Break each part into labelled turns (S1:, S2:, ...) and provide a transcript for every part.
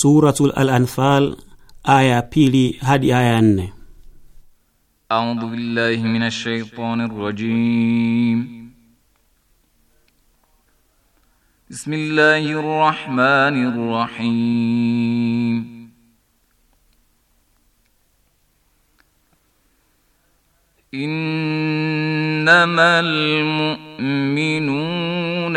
S1: Suratul Al-Anfal aya pili hadi aya nne.
S2: أعوذ billahi من الشيطان الرجيم بسم الله الرحمن الرحيم إنما المؤمنون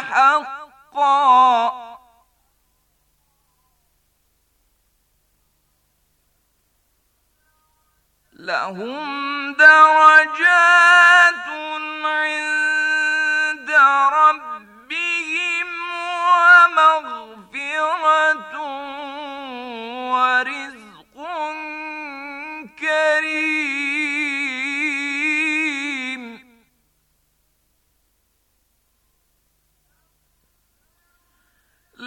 S2: حقا لهم درجات عند ربهم ومغفرة ورزق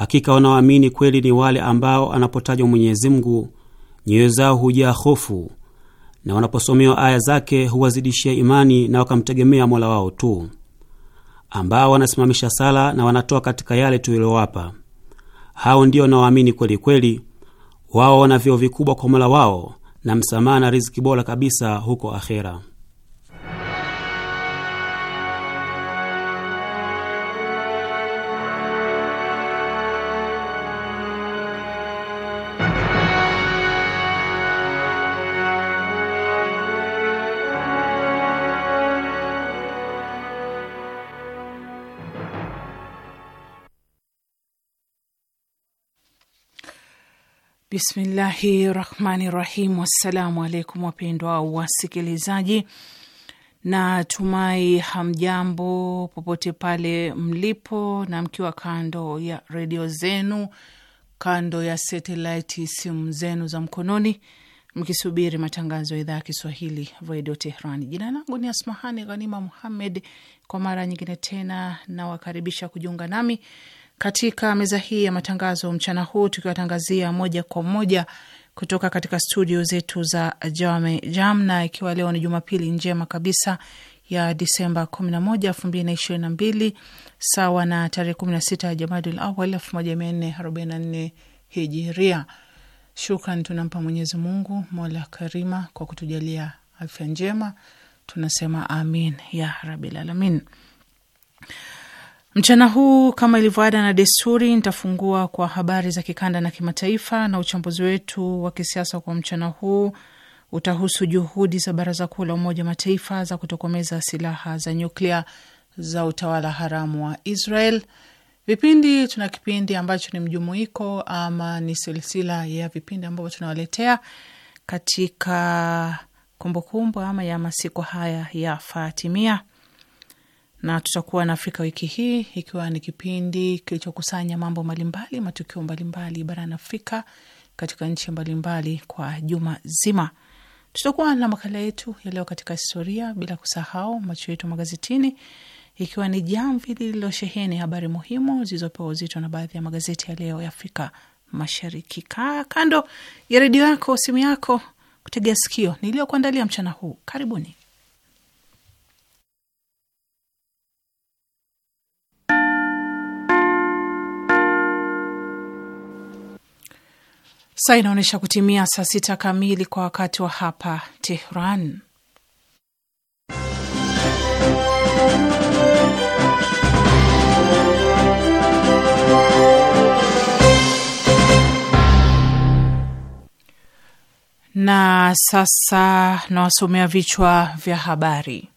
S1: Hakika wanaoamini kweli ni wale ambao anapotajwa Mwenyezi Mungu nyoyo zao hujaa hofu na wanaposomewa aya zake huwazidishia imani na wakamtegemea Mola wao tu, ambao wanasimamisha sala na wanatoa katika yale tuliyowapa. Hao ndio wanaoamini kweli kweli, wao wana vyeo vikubwa kwa Mola wao na msamaha na riziki bora kabisa huko akhera.
S3: Bismillahi rahmani rahim. Wassalamu alaikum wapendwa wasikilizaji, na tumai hamjambo popote pale mlipo, na mkiwa kando ya redio zenu, kando ya satelaiti, simu zenu za mkononi, mkisubiri matangazo ya idhaa ya Kiswahili redio Tehrani. Jina langu ni Asmahani Ghanima Muhammed. Kwa mara nyingine tena nawakaribisha kujiunga nami katika meza hii ya matangazo mchana huu, tukiwatangazia moja kwa moja kutoka katika studio zetu za Jame Jam, na ikiwa leo ni Jumapili njema kabisa ya Disemba 11, 2022 sawa na tarehe 16 ya Jamadul Awal 1444 Hijiria. Shukran tunampa Mwenyezi Mungu mola karima kwa kutujalia afya njema, tunasema amin ya rabil alamin. Mchana huu kama ilivyoada na desturi, nitafungua kwa habari za kikanda na kimataifa, na uchambuzi wetu wa kisiasa kwa mchana huu utahusu juhudi za Baraza Kuu la Umoja Mataifa za kutokomeza silaha za nyuklia za utawala haramu wa Israel. Vipindi tuna kipindi ambacho ni mjumuiko ama ni silsila ya vipindi ambavyo tunawaletea katika kumbukumbu ama ya masiko haya ya Fatimia na tutakuwa na Afrika wiki hii, ikiwa ni kipindi kilichokusanya mambo mbalimbali, matukio mbalimbali barani Afrika katika nchi mbalimbali kwa juma zima. Tutakuwa na makala yetu ya leo katika historia, bila kusahau macho yetu magazetini, ikiwa ni jamvi lililosheheni habari muhimu zilizopewa uzito na baadhi ya magazeti ya leo ya Afrika Mashariki. Kaa kando ya redio yako, simu yako, kutegea sikio niliyokuandalia mchana huu. Karibuni. Saa inaonyesha kutimia saa sita kamili kwa wakati wa hapa Tehran. Na sasa nawasomea vichwa vya habari.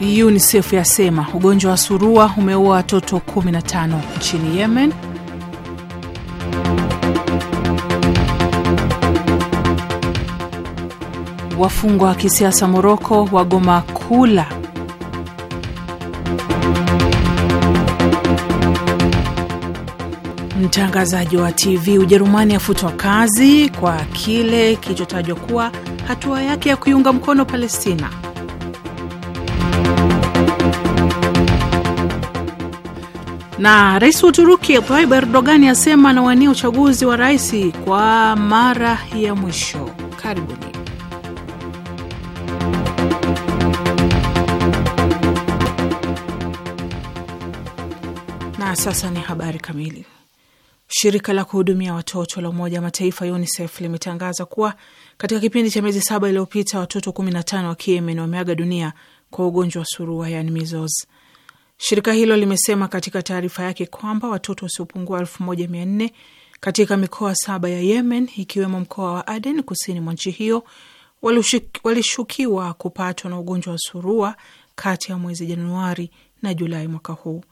S3: UNICEF yasema ugonjwa wa surua umeua watoto 15 nchini Yemen. Wafungwa wa kisiasa Moroko wagoma kula. Mtangazaji wa TV Ujerumani afutwa kazi kwa kile kilichotajwa kuwa hatua yake ya kuiunga mkono Palestina. Na rais wa Uturuki Tayyip Erdogan asema anawania uchaguzi wa rais kwa mara ya mwisho. Karibuni. Na sasa ni habari kamili. Shirika la kuhudumia watoto la Umoja wa Mataifa UNICEF limetangaza kuwa katika kipindi cha miezi saba iliyopita watoto 15 wa Kiyemen wameaga dunia kwa ugonjwa wa surua, yani measles. Shirika hilo limesema katika taarifa yake kwamba watoto wasiopungua elfu moja mia nne katika mikoa saba ya Yemen ikiwemo mkoa wa Aden kusini mwa nchi hiyo walishukiwa kupatwa na ugonjwa wa surua kati ya mwezi Januari na Julai mwaka huu.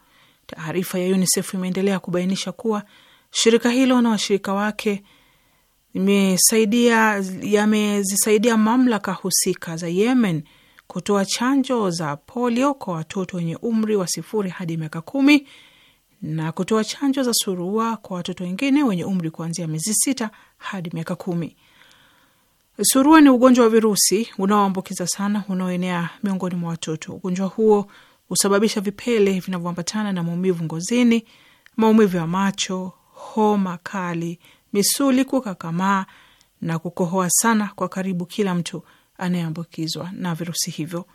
S3: Taarifa ya UNICEF imeendelea kubainisha kuwa shirika hilo na washirika wake yamezisaidia mamlaka husika za Yemen kutoa chanjo za polio kwa watoto wenye umri wa sifuri hadi miaka kumi na kutoa chanjo za surua kwa watoto wengine wenye umri kuanzia miezi sita hadi miaka kumi. Surua ni ugonjwa wa virusi unaoambukiza sana unaoenea miongoni mwa watoto. Ugonjwa huo husababisha vipele vinavyoambatana na maumivu ngozini, maumivu ya macho, homa kali, misuli kukakamaa na kukohoa sana kwa karibu kila mtu anayeambukizwa na virusi hivyo.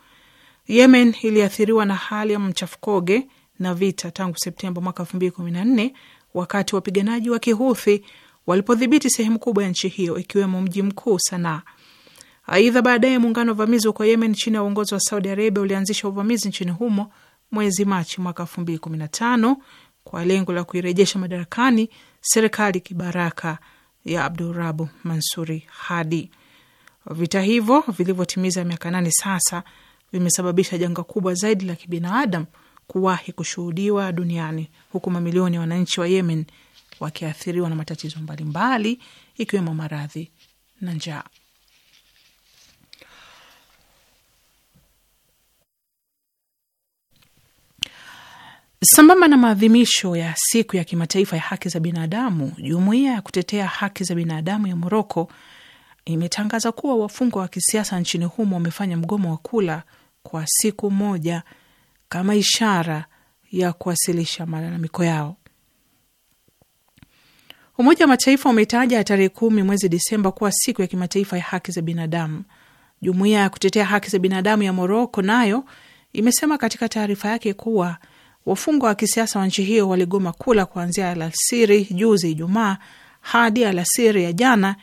S3: Yemen iliathiriwa na hali ya mchafukoge na vita tangu Septemba mwaka elfu mbili kumi na nne wakati wapiganaji wa kihuthi walipodhibiti sehemu kubwa ya nchi hiyo ikiwemo mji mkuu Sanaa. Aidha, baadaye muungano wa uvamizi huko Yemen chini ya uongozi wa Saudi Arabia ulianzisha uvamizi nchini humo mwezi Machi mwaka elfu mbili kumi na tano kwa lengo la kuirejesha madarakani serikali kibaraka ya Abdurabu Mansuri Hadi. Vita hivyo vilivyotimiza miaka nane sasa vimesababisha janga kubwa zaidi la kibinadamu kuwahi kushuhudiwa duniani huku mamilioni ya wananchi wa Yemen wakiathiriwa na matatizo mbalimbali ikiwemo maradhi na njaa. Sambamba na maadhimisho ya siku ya kimataifa ya haki za binadamu, jumuiya ya kutetea haki za binadamu ya Moroko imetangaza kuwa wafungwa wa kisiasa nchini humo wamefanya mgomo wa kula kwa siku moja kama ishara ya kuwasilisha malalamiko yao. Umoja wa Mataifa umetaja tarehe kumi mwezi Disemba kuwa siku ya kimataifa ya haki za binadamu. Jumuiya ya kutetea haki za binadamu ya Moroko nayo imesema katika taarifa yake kuwa wafungwa wa kisiasa wa nchi hiyo waligoma kula kuanzia alasiri juzi Ijumaa hadi alasiri ya jana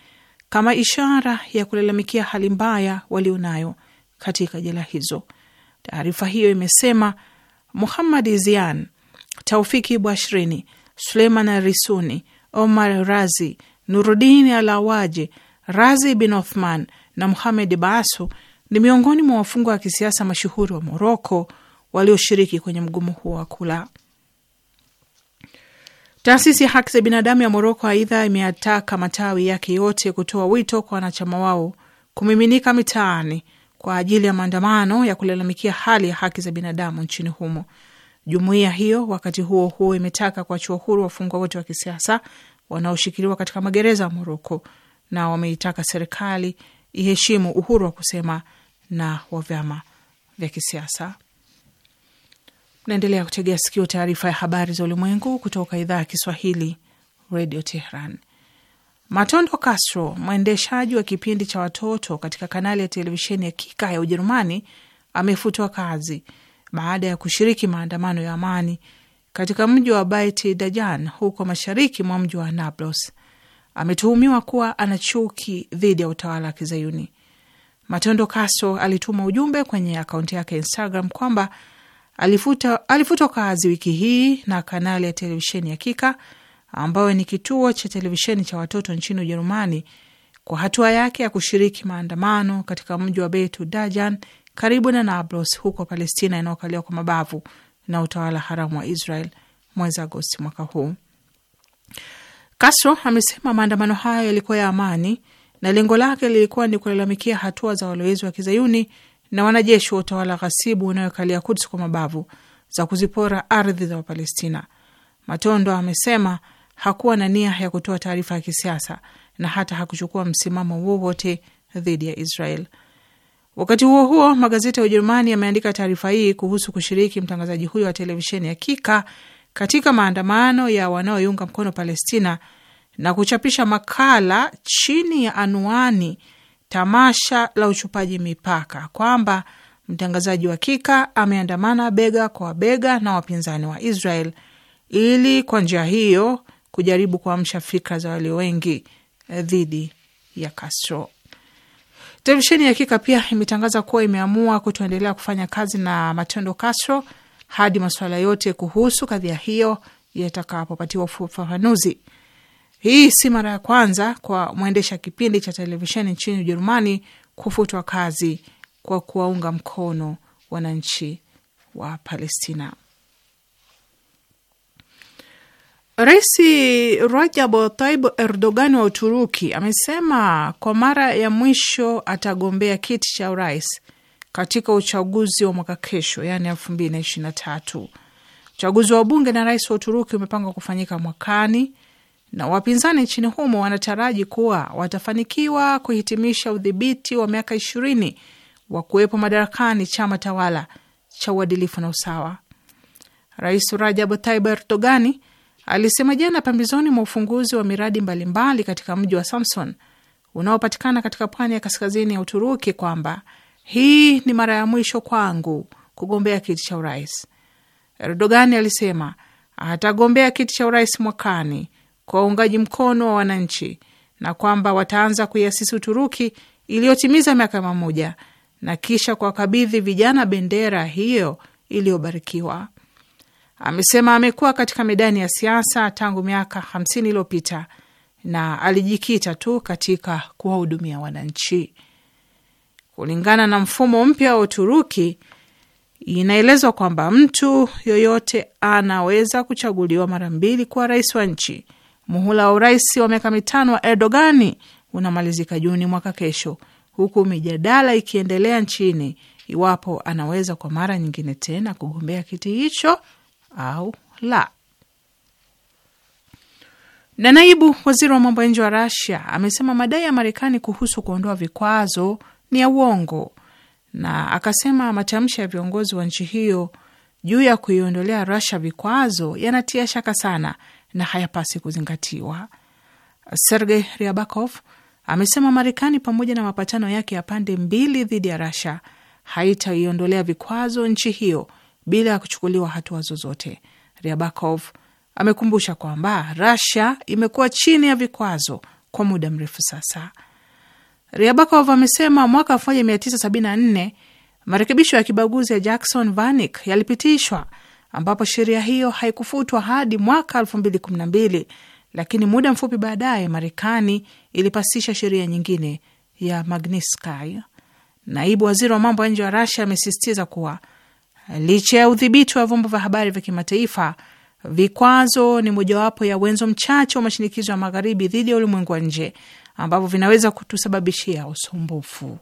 S3: kama ishara ya kulalamikia hali mbaya walionayo katika jela hizo. Taarifa hiyo imesema Muhammad Zian, Taufiki Bwashrini, Suleiman Risuni, Omar Razi, Nurudin Alawaji, Razi bin Othman na Muhamed Baasu ni miongoni mwa wafungwa wa kisiasa mashuhuri wa Moroko walioshiriki kwenye mgomo huo wa kula Taasisi ya haki za binadamu ya Moroko aidha imeyataka matawi yake yote kutoa wito kwa wanachama wao kumiminika mitaani kwa ajili ya maandamano ya kulalamikia hali ya haki za binadamu nchini humo. Jumuiya hiyo wakati huo huo imetaka kuachiwa huru wafungwa wote wa kisiasa wanaoshikiliwa katika magereza ya Moroko, na wameitaka serikali iheshimu uhuru wa kusema na wa vyama vya kisiasa. Naendelea kutegea sikio taarifa ya habari za ulimwengu kutoka idhaa ya Kiswahili, Radio Tehran. Matondo Castro, mwendeshaji wa kipindi cha watoto katika kanali ya televisheni ya Kika ya Ujerumani, amefutwa kazi baada ya kushiriki maandamano ya amani katika mji wa Bait Dajan huko mashariki mwa mji wa nablos Ametuhumiwa kuwa ana chuki dhidi ya utawala wa Kizayuni. Matondo Castro alituma ujumbe kwenye akaunti yake Instagram kwamba alifutwa kazi wiki hii na kanali ya televisheni Kika ambayo ni kituo cha televisheni cha watoto nchini Ujerumani kwa hatua yake ya kushiriki maandamano katika mji wa Beitu Dajan karibu na Nablus huko Palestina inayokaliwa kwa mabavu na utawala haramu wa Israel mwezi Agosti mwaka huu. Castro amesema maandamano hayo yalikuwa ya amani na lengo lake lilikuwa ni kulalamikia hatua za walowezi wa kizayuni na wanajeshi wa utawala ghasibu unayokalia Kuds kwa mabavu za kuzipora ardhi za Wapalestina. Matondo amesema hakuwa na nia ya kutoa taarifa ya kisiasa na hata hakuchukua msimamo wowote dhidi ya Israel. Wakati huo huo, magazeti ya Ujerumani yameandika taarifa hii kuhusu kushiriki mtangazaji huyo wa televisheni ya Kika katika maandamano ya wanaoiunga mkono Palestina na kuchapisha makala chini ya anwani tamasha la uchupaji mipaka kwamba mtangazaji wa kika ameandamana bega kwa bega na wapinzani wa Israel ili kwa njia hiyo kujaribu kuamsha fikra za walio wengi eh, dhidi ya Castro. Televisheni ya Kika pia imetangaza kuwa imeamua kutoendelea kufanya kazi na Matendo Castro hadi masuala yote kuhusu kadhia hiyo yatakapopatiwa ufafanuzi. Hii si mara ya kwanza kwa mwendesha kipindi cha televisheni nchini Ujerumani kufutwa kazi kwa kuwaunga mkono wananchi wa Palestina. Rais Rajab taib Erdogan wa Uturuki amesema kwa mara ya mwisho atagombea kiti cha urais katika uchaguzi wa mwaka kesho, yaani elfu mbili na ishirini na tatu. Uchaguzi wa bunge na rais wa Uturuki umepangwa kufanyika mwakani na wapinzani nchini humo wanataraji kuwa watafanikiwa kuhitimisha udhibiti wa miaka ishirini wa kuwepo madarakani chama tawala cha uadilifu na usawa. Rais Rajab Tayyip erdogani alisema jana pambizoni mwa ufunguzi wa miradi mbalimbali mbali katika mji wa Samson unaopatikana katika pwani ya kaskazini ya Uturuki kwamba hii ni mara ya mwisho kwangu kugombea kiti cha urais. erdogani alisema atagombea kiti cha urais mwakani kwa uungaji mkono wa wananchi na kwamba wataanza kuiasisi Uturuki iliyotimiza miaka mamoja na kisha kuwakabidhi vijana bendera hiyo iliyobarikiwa. Amesema amekuwa katika medani ya siasa tangu miaka hamsini iliyopita na alijikita tu katika kuwahudumia wananchi. Kulingana na mfumo mpya wa Uturuki, inaelezwa kwamba mtu yoyote anaweza kuchaguliwa mara mbili kuwa rais wa nchi muhula wa urais wa miaka mitano wa Erdogani unamalizika Juni mwaka kesho, huku mijadala ikiendelea nchini iwapo anaweza kwa mara nyingine tena kugombea kiti hicho au la. Na naibu waziri wa mambo ya nje wa Rasia amesema madai ya Marekani kuhusu kuondoa vikwazo ni ya uongo, na akasema matamshi ya viongozi wa nchi hiyo juu ya kuiondolea Rasia vikwazo yanatia shaka sana na hayapasi kuzingatiwa. Sergei Ryabakov amesema Marekani pamoja na mapatano yake ya pande mbili dhidi ya Russia haitaiondolea vikwazo nchi hiyo bila ya kuchukuliwa hatua zozote. Ryabakov amekumbusha kwamba Russia imekuwa chini ya vikwazo kwa muda mrefu sasa. Ryabakov amesema mwaka 1974 marekebisho ya kibaguzi ya Jackson Vanik yalipitishwa ambapo sheria hiyo haikufutwa hadi mwaka elfu mbili kumi na mbili, lakini muda mfupi baadaye Marekani ilipasisha sheria nyingine ya Magnitsky. Naibu waziri wa mambo ya nje wa Rasia amesisitiza kuwa licha ya udhibiti wa vyombo vya habari vya kimataifa, vikwazo ni mojawapo ya wenzo mchache wa mashinikizo ya Magharibi dhidi ya ulimwengu wa nje ambavyo vinaweza kutusababishia usumbufu.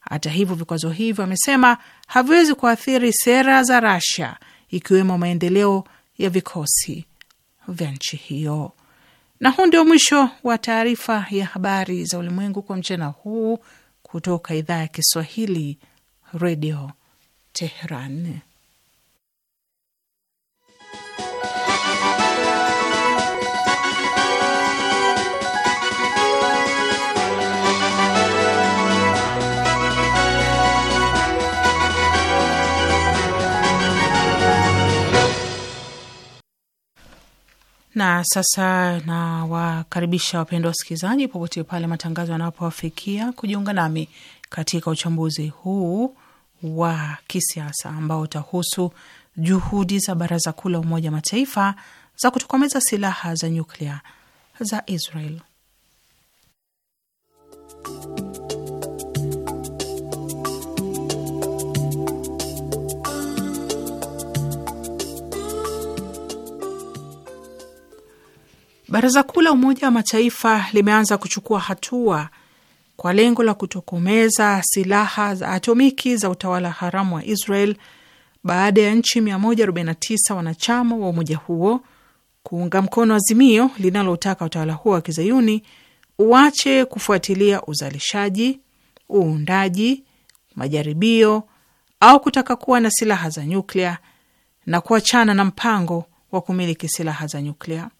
S3: Hata hivyo, vikwazo hivyo, amesema, haviwezi kuathiri sera za Rasia ikiwemo maendeleo ya vikosi vya nchi hiyo. Na huu ndio mwisho wa taarifa ya habari za ulimwengu kwa mchana huu kutoka idhaa ya Kiswahili, Redio teheran Na sasa nawakaribisha wapendwa wasikilizaji, popote pale matangazo yanapowafikia, kujiunga nami katika uchambuzi huu wa kisiasa ambao utahusu juhudi za Baraza Kuu la Umoja Mataifa za kutokomeza silaha za nyuklia za Israel. Baraza Kuu la Umoja wa Mataifa limeanza kuchukua hatua kwa lengo la kutokomeza silaha za atomiki za utawala haramu wa Israel baada ya nchi 149 wanachama wa umoja huo kuunga mkono azimio linalotaka utawala huo wa kizayuni uache kufuatilia uzalishaji, uundaji, majaribio au kutaka kuwa na silaha za nyuklia na kuachana na mpango wa kumiliki silaha za nyuklia.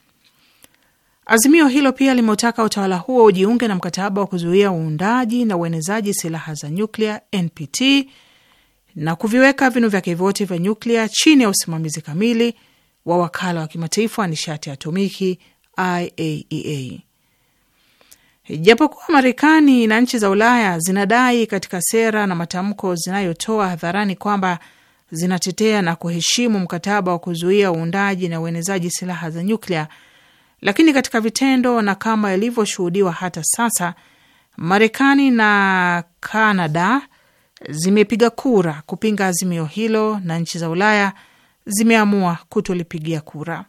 S3: Azimio hilo pia limeutaka utawala huo ujiunge na mkataba wa kuzuia uundaji na uenezaji silaha za nyuklia NPT na kuviweka vinu vyake vyote vya nyuklia chini ya usimamizi kamili wa wakala wa kimataifa wa nishati ya atomiki IAEA. E Japokuwa Marekani na nchi za Ulaya zinadai katika sera na matamko zinayotoa hadharani kwamba zinatetea na kuheshimu mkataba wa kuzuia uundaji na uenezaji silaha za nyuklia lakini katika vitendo na kama ilivyoshuhudiwa hata sasa, Marekani na Kanada zimepiga kura kupinga azimio hilo na nchi za Ulaya zimeamua kutolipigia kura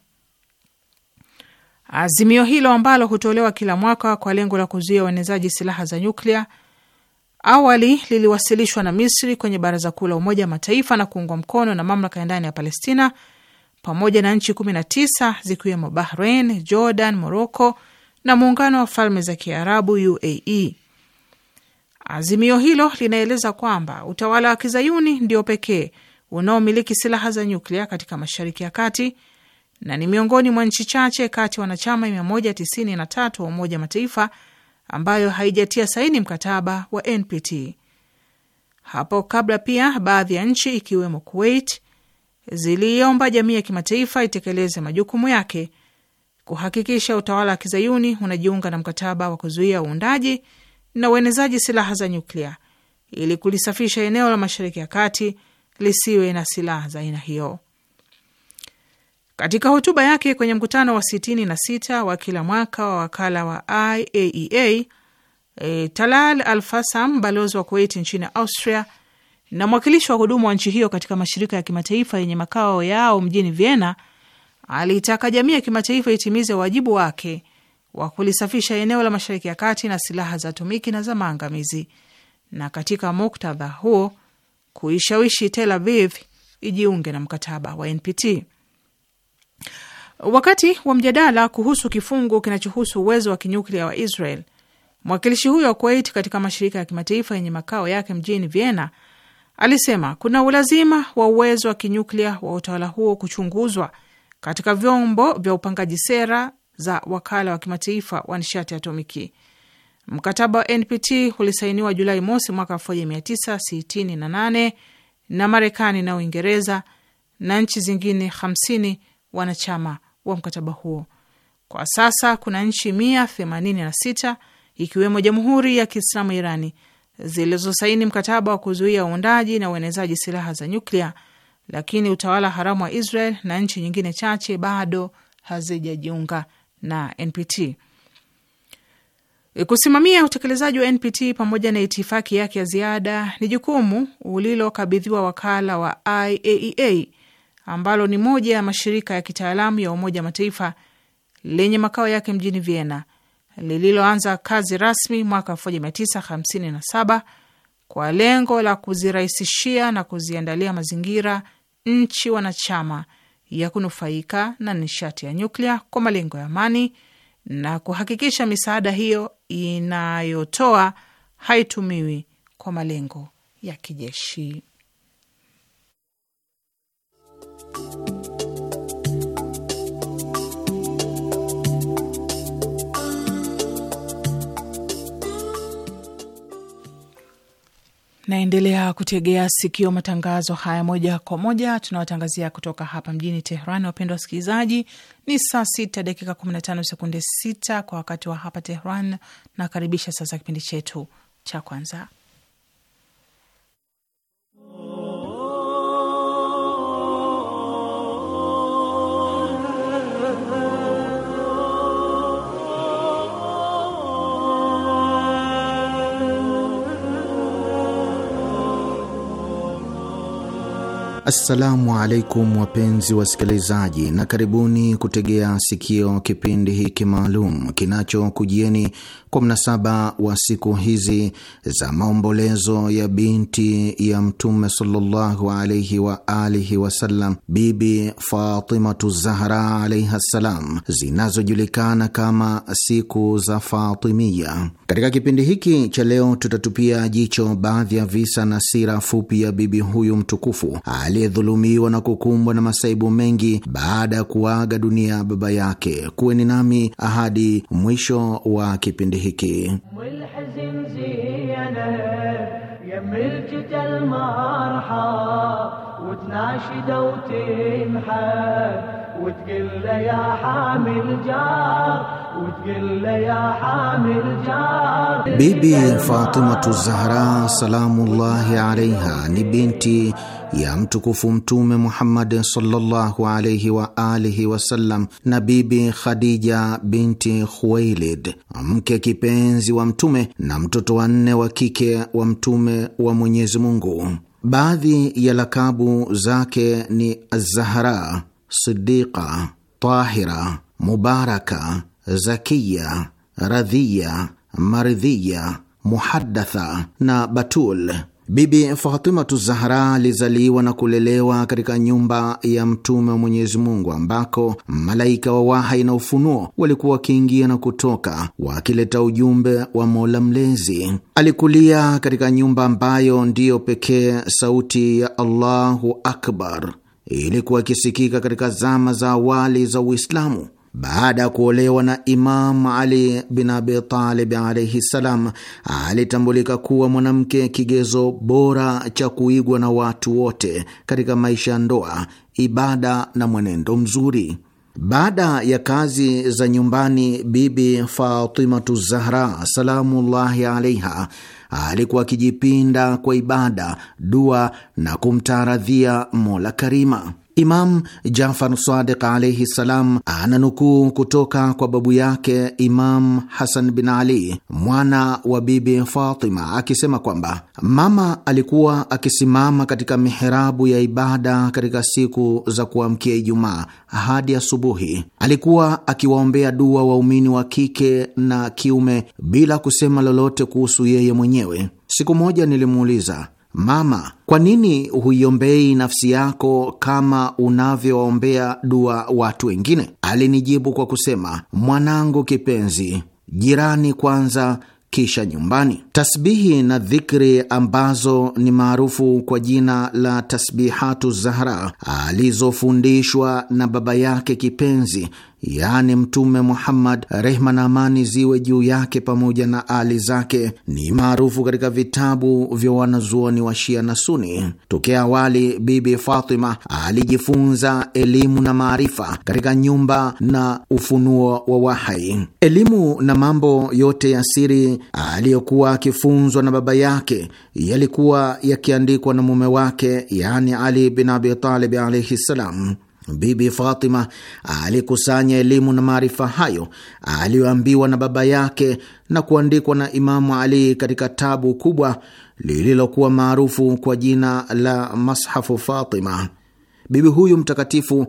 S3: azimio hilo ambalo hutolewa kila mwaka kwa lengo la kuzuia uenezaji silaha za nyuklia. Awali liliwasilishwa na Misri kwenye Baraza Kuu la Umoja wa Mataifa na kuungwa mkono na mamlaka ya ndani ya Palestina pamoja na nchi 19 zikiwemo Bahrain, Jordan, Morocco na muungano wa falme za Kiarabu UAE. Azimio hilo linaeleza kwamba utawala wa kizayuni ndio pekee unaomiliki silaha za nyuklia katika Mashariki ya Kati na ni miongoni mwa nchi chache kati ya wanachama 193 wa Umoja Mataifa ambayo haijatia saini mkataba wa NPT. Hapo kabla pia baadhi ya nchi ikiwemo Kuwait, ziliiomba jamii ya kimataifa itekeleze majukumu yake kuhakikisha utawala wa kizayuni unajiunga na mkataba wa kuzuia uundaji na uenezaji silaha za nyuklia ili kulisafisha eneo la Mashariki ya Kati lisiwe na silaha za aina hiyo. Katika hotuba yake kwenye mkutano wa 66 wa kila mwaka wa wakala wa IAEA, e, eh, Talal Al Fasam, balozi wa Kuwait nchini Austria, na mwakilishi wa kudumu wa nchi hiyo katika mashirika ya kimataifa yenye makao yao mjini Vienna aliitaka jamii ya kimataifa itimize wajibu wake wa kulisafisha eneo la Mashariki ya Kati na silaha za tumiki na za maangamizi, na katika muktadha huo kuishawishi Tel Aviv ijiunge na mkataba wa NPT. Wakati wa mjadala kuhusu kifungu kinachohusu uwezo wa kinyuklia wa Israel, mwakilishi huyo wa Kuwait katika mashirika ya kimataifa yenye makao yake mjini Vienna alisema kuna ulazima wa uwezo wa kinyuklia wa utawala huo kuchunguzwa katika vyombo vya upangaji sera za wakala wa kimataifa wa nishati atomiki. Mkataba wa NPT ulisainiwa Julai mosi mwaka 1968 na Marekani na Uingereza na nchi zingine 50 wanachama wa mkataba huo. Kwa sasa kuna nchi 186 ikiwemo Jamhuri ya Kiislamu Irani zilizosaini mkataba wa kuzuia uundaji na uenezaji silaha za nyuklia, lakini utawala haramu wa Israel na nchi nyingine chache bado hazijajiunga na NPT. Kusimamia utekelezaji wa NPT pamoja na itifaki yake ya ziada ni jukumu ulilokabidhiwa wakala wa IAEA e ambalo ni moja ya mashirika ya kitaalamu ya Umoja Mataifa lenye makao yake mjini Vienna lililoanza kazi rasmi mwaka 1957 kwa lengo la kuzirahisishia na kuziandalia mazingira nchi wanachama ya kunufaika na nishati ya nyuklia kwa malengo ya amani na kuhakikisha misaada hiyo inayotoa haitumiwi kwa malengo ya kijeshi. Naendelea kutegea sikio matangazo haya moja kwa moja tunawatangazia kutoka hapa mjini Tehran. Wapendwa wasikilizaji, ni saa sita dakika kumi na tano sekunde sita kwa wakati wa hapa Tehran. Nakaribisha sasa kipindi chetu cha kwanza
S4: Assalamu alaikum wapenzi wasikilizaji, na karibuni kutegea sikio kipindi hiki maalum kinachokujieni kwa mnasaba wa siku hizi za maombolezo ya binti ya Mtume sallallahu alaihi wa alihi wasallam, Bibi Fatimatu Zahra alaihi ssalam, zinazojulikana kama siku za Fatimia. Katika kipindi hiki cha leo, tutatupia jicho baadhi ya visa na sira fupi ya bibi huyu mtukufu aliyedhulumiwa na kukumbwa na masaibu mengi baada ya kuaga dunia baba yake. Kuweni nami ahadi mwisho wa kipindi hiki.
S5: Bibi Fatimatu
S4: Zahra salamullahi alaiha ni binti ya mtukufu Mtume Muhammad sallallahu alaihi wa alihi wasallam na Bibi Khadija binti Khuwailid, mke kipenzi wa Mtume na mtoto wanne wa kike wa Mtume wa Mwenyezi Mungu. Baadhi ya lakabu zake ni Azahra, Sidiqa, Tahira, Mubaraka, Zakiya, Radhiya, Maridhiya, muhadatha na Batul. Bibi Fatimatu Zahra alizaliwa na kulelewa katika nyumba ya Mtume wa Mwenyezi Mungu ambako malaika wa wahai na ufunuo walikuwa wakiingia na kutoka wakileta ujumbe wa Mola Mlezi. Alikulia katika nyumba ambayo ndiyo pekee sauti ya Allahu Akbar ilikuwa ikisikika katika zama za awali za Uislamu. Baada ya kuolewa na Imam Ali bin Abi Talib alaihi ssalam, alitambulika kuwa mwanamke kigezo bora cha kuigwa na watu wote katika maisha ya ndoa, ibada na mwenendo mzuri. Baada ya kazi za nyumbani, Bibi Fatimatu Zahra salamullahi alaiha alikuwa akijipinda kwa ibada, dua na kumtaradhia Mola Karima. Imam Jafar Sadiq alaihi ssalam ananukuu kutoka kwa babu yake Imam Hasan bin Ali mwana wa Bibi Fatima akisema kwamba mama alikuwa akisimama katika miherabu ya ibada katika siku za kuamkia Ijumaa hadi asubuhi. Alikuwa akiwaombea dua waumini wa kike na kiume bila kusema lolote kuhusu yeye mwenyewe. Siku moja nilimuuliza Mama, kwa nini huiombei nafsi yako kama unavyowaombea dua watu wengine? Alinijibu kwa kusema, mwanangu kipenzi, jirani kwanza kisha nyumbani. Tasbihi na dhikri ambazo ni maarufu kwa jina la tasbihatu Zahra alizofundishwa na baba yake kipenzi yaani Mtume Muhammad, rehma na amani ziwe juu yake pamoja na ali zake, ni maarufu katika vitabu vya wanazuoni wa Shia na Suni. Tokea awali, Bibi Fatima alijifunza elimu na maarifa katika nyumba na ufunuo wa wahai. Elimu na mambo yote ya siri aliyokuwa akifunzwa na baba yake yalikuwa yakiandikwa na mume wake, yaani Ali bin Abi Talib alaihi ssalam. Bibi Fatima alikusanya elimu na maarifa hayo aliyoambiwa na baba yake na kuandikwa na Imamu Ali katika tabu kubwa lililokuwa maarufu kwa jina la Mashafu Fatima. Bibi huyu mtakatifu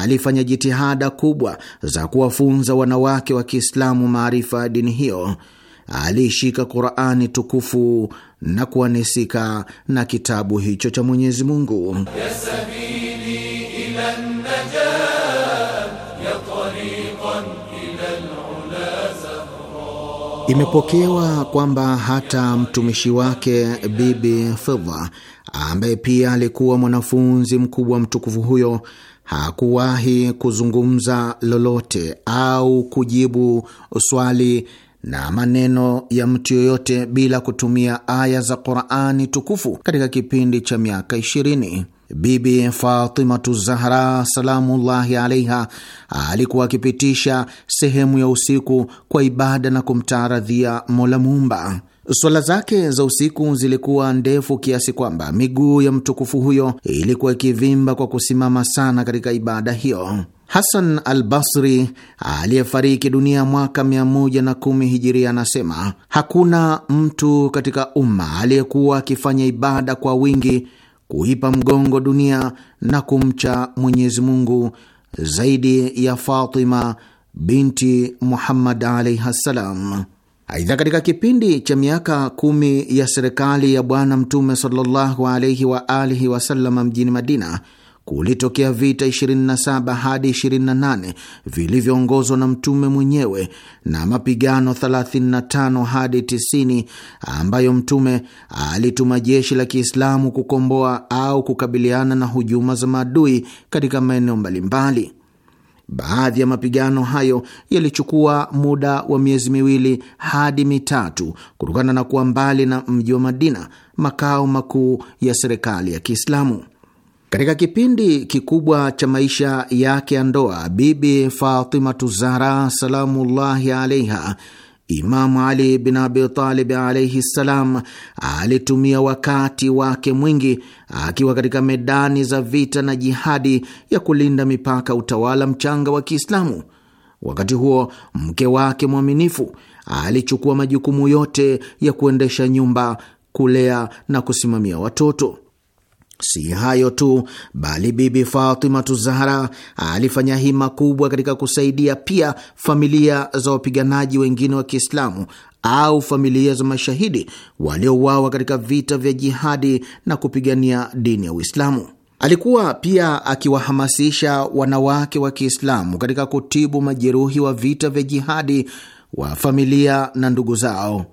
S4: alifanya jitihada kubwa za kuwafunza wanawake wa Kiislamu maarifa ya dini hiyo. Aliishika Qurani tukufu na kuanisika na kitabu hicho cha Mwenyezi Mungu yes, Imepokewa kwamba hata mtumishi wake Bibi Fidha, ambaye pia alikuwa mwanafunzi mkubwa mtukufu huyo, hakuwahi kuzungumza lolote au kujibu swali na maneno ya mtu yoyote bila kutumia aya za Qurani tukufu katika kipindi cha miaka ishirini. Bibi Fatimatu Zahra salamullahi alaiha alikuwa akipitisha sehemu ya usiku kwa ibada na kumtaaradhia Mola Mumba. Swala zake za usiku zilikuwa ndefu kiasi kwamba miguu ya mtukufu huyo ilikuwa ikivimba kwa kusimama sana katika ibada hiyo. Hasan al Basri aliyefariki dunia mwaka 110 hijiria anasema hakuna mtu katika umma aliyekuwa akifanya ibada kwa wingi kuipa mgongo dunia na kumcha Mwenyezi Mungu zaidi ya Fatima binti Muhammad alaihi ssalam. Aidha, katika kipindi cha miaka kumi ya serikali ya Bwana Mtume sallallahu alaihi wa alihi wasallam mjini Madina kulitokea vita 27 hadi 28 vilivyoongozwa na mtume mwenyewe na mapigano 35 hadi 90 ambayo mtume alituma jeshi la Kiislamu kukomboa au kukabiliana na hujuma za maadui katika maeneo mbalimbali. Baadhi ya mapigano hayo yalichukua muda wa miezi miwili hadi mitatu kutokana na kuwa mbali na mji wa Madina, makao makuu ya serikali ya Kiislamu. Katika kipindi kikubwa cha maisha yake ya ndoa, Bibi Fatimatu Zahra salamullahi alaiha, Imamu Ali bin abitalibi alaihi ssalam alitumia wakati wake mwingi akiwa katika medani za vita na jihadi ya kulinda mipaka utawala mchanga wa Kiislamu. Wakati huo mke wake mwaminifu alichukua majukumu yote ya kuendesha nyumba, kulea na kusimamia watoto. Si hayo tu, bali Bibi Fatimatu Zahra alifanya hima kubwa katika kusaidia pia familia za wapiganaji wengine wa Kiislamu au familia za mashahidi waliouawa katika vita vya jihadi na kupigania dini ya Uislamu. Alikuwa pia akiwahamasisha wanawake wa Kiislamu katika kutibu majeruhi wa vita vya jihadi wa familia na ndugu zao.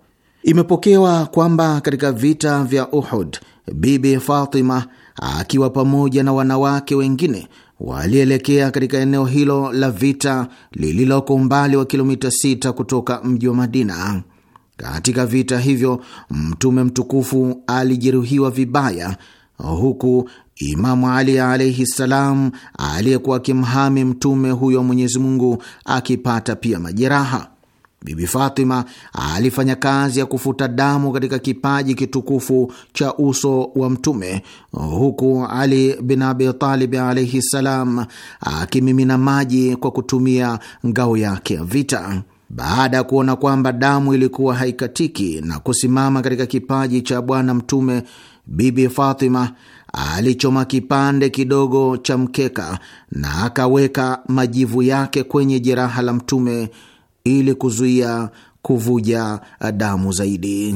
S4: Imepokewa kwamba katika vita vya Uhud Bibi Fatima akiwa pamoja na wanawake wengine walielekea katika eneo hilo la vita lililoko umbali wa kilomita sita kutoka mji wa Madina. Katika vita hivyo Mtume mtukufu alijeruhiwa vibaya, huku Imamu Ali alaihi ssalam, aliyekuwa akimhami mtume huyo Mwenyezi Mungu, akipata pia majeraha. Bibi Fatima alifanya kazi ya kufuta damu katika kipaji kitukufu cha uso wa Mtume, huku Ali bin Abi Talib alaihi ssalam akimimina maji kwa kutumia ngao yake ya vita. Baada ya kuona kwamba damu ilikuwa haikatiki na kusimama katika kipaji cha Bwana Mtume, Bibi Fatima alichoma kipande kidogo cha mkeka na akaweka majivu yake kwenye jeraha la Mtume ili kuzuia kuvuja damu zaidi.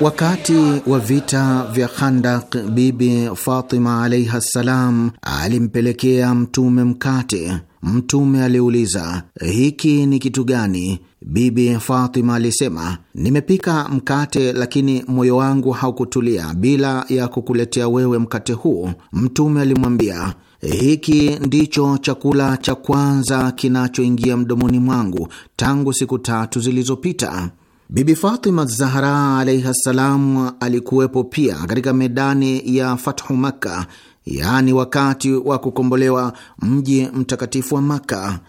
S4: Wakati wa vita vya Khandak, Bibi Fatima alaihi ssalam alimpelekea Mtume mkate. Mtume aliuliza, hiki ni kitu gani? Bibi Fatima alisema, nimepika mkate lakini moyo wangu haukutulia bila ya kukuletea wewe mkate huu. Mtume alimwambia, hiki ndicho chakula cha kwanza kinachoingia mdomoni mwangu tangu siku tatu zilizopita. Bibi Fatima Zahra alaihi ssalam alikuwepo pia katika medani ya Fathu Makka, yaani wakati wa kukombolewa mji mtakatifu wa Makka.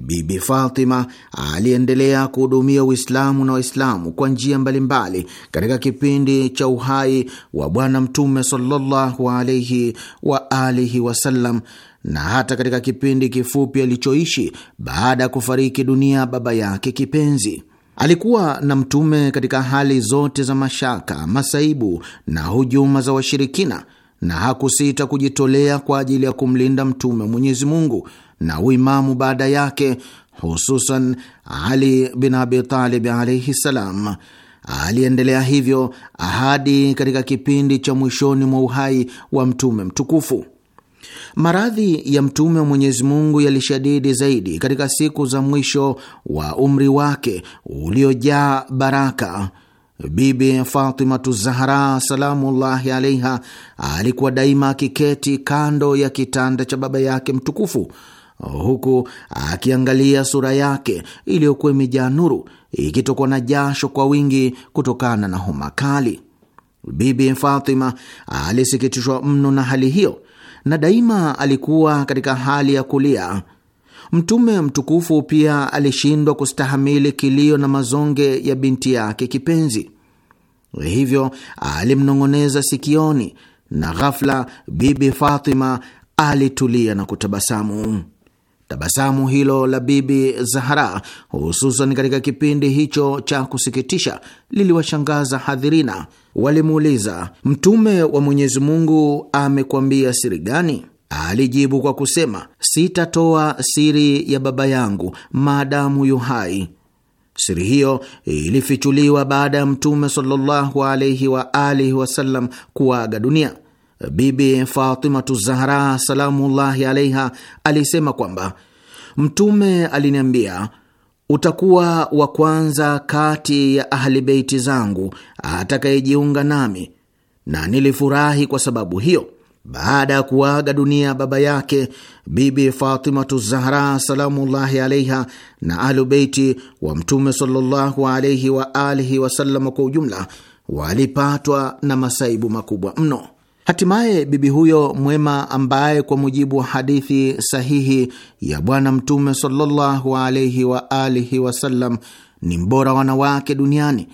S4: Bibi Fatima aliendelea kuhudumia Uislamu na Waislamu kwa njia mbalimbali katika kipindi cha uhai wa Bwana Mtume sallallahu alaihi wa alihi wasallam na hata katika kipindi kifupi alichoishi baada ya kufariki dunia baba yake kipenzi. Alikuwa na Mtume katika hali zote za mashaka, masaibu na hujuma za washirikina, na hakusita kujitolea kwa ajili ya kumlinda Mtume mwenyezimungu Mwenyezi Mungu na uimamu baada yake, hususan Ali bin Abi Talib alaihi ssalam. Aliendelea hivyo hadi katika kipindi cha mwishoni mwa uhai wa mtume mtukufu. Maradhi ya mtume wa Mwenyezi Mungu yalishadidi zaidi katika siku za mwisho wa umri wake uliojaa baraka. Bibi Fatimatu Zahra salamullahi alaiha alikuwa daima akiketi kando ya kitanda cha baba yake mtukufu huku akiangalia sura yake iliyokuwa imejaa nuru ikitokwa na jasho kwa wingi kutokana na homa kali. Bibi Fatima alisikitishwa mno na hali hiyo, na daima alikuwa katika hali ya kulia. Mtume mtukufu pia alishindwa kustahamili kilio na mazonge ya binti yake kipenzi, hivyo alimnong'oneza sikioni, na ghafla Bibi Fatima alitulia na kutabasamu. Tabasamu hilo la Bibi Zahara, hususan katika kipindi hicho cha kusikitisha, liliwashangaza hadhirina. Walimuuliza, Mtume wa Mwenyezi Mungu amekwambia siri gani? Alijibu kwa kusema, sitatoa siri ya baba yangu maadamu yu hai. Siri hiyo ilifichuliwa baada ya Mtume sallallahu alaihi wa alihi wasallam kuwaaga dunia. Bibi Fatimatu Zahra salamullahi alaiha alisema kwamba Mtume aliniambia, utakuwa wa kwanza kati ya ahli beiti zangu atakayejiunga nami, na nilifurahi kwa sababu hiyo. Baada ya kuaga dunia baba yake Bibi Fatimatu Zahra salamullahi alaiha na ahlu beiti wa Mtume sallallahu alaihi alihi wasallam kwa ujumla walipatwa na masaibu makubwa mno. Hatimaye bibi huyo mwema ambaye kwa mujibu wa hadithi sahihi ya Bwana Mtume sallallahu alaihi wa alihi wasallam ni mbora wanawake duniani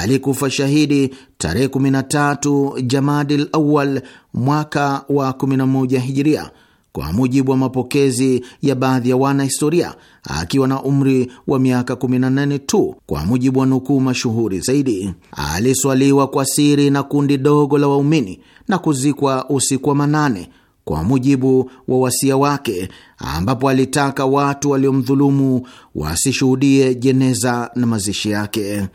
S4: alikufa shahidi tarehe 13 Jamadil Awal mwaka wa 11 Hijiria, kwa mujibu wa mapokezi ya baadhi ya wanahistoria, akiwa na umri wa miaka 18 tu, kwa mujibu wa nukuu mashuhuri zaidi. Aliswaliwa kwa siri na kundi dogo la waumini na kuzikwa usiku wa manane kwa mujibu wa wasia wake, ambapo alitaka watu waliomdhulumu wasishuhudie jeneza na mazishi yake.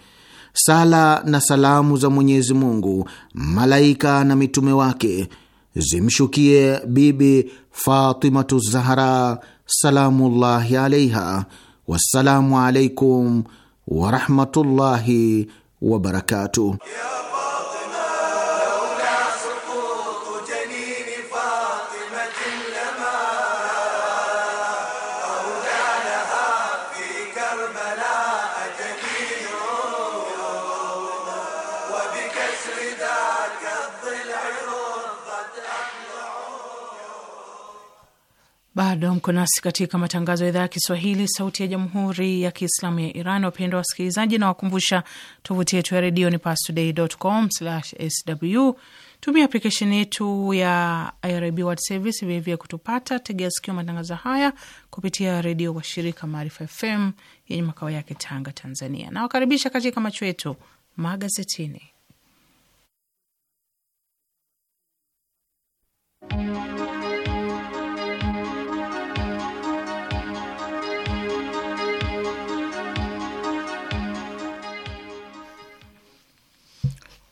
S4: Sala na salamu za Mwenyezi Mungu, malaika na mitume wake zimshukie Bibi Fatimatu Zahra salamullahi alaiha. Wassalamu alaikum warahmatullahi wabarakatuh.
S3: Bado mko nasi katika matangazo ya idhaa ya Kiswahili, sauti ya jamhuri ya kiislamu ya Iran. Wapendwa wasikilizaji, na wakumbusha tovuti yetu ya redio ni pastoday.com/sw. Tumia aplikesheni yetu ya IRIB World Service vilevile kutupata. Tegea sikio matangazo haya kupitia redio shirika Maarifa FM yenye makao yake Tanga, Tanzania. Nawakaribisha katika macho yetu magazetini.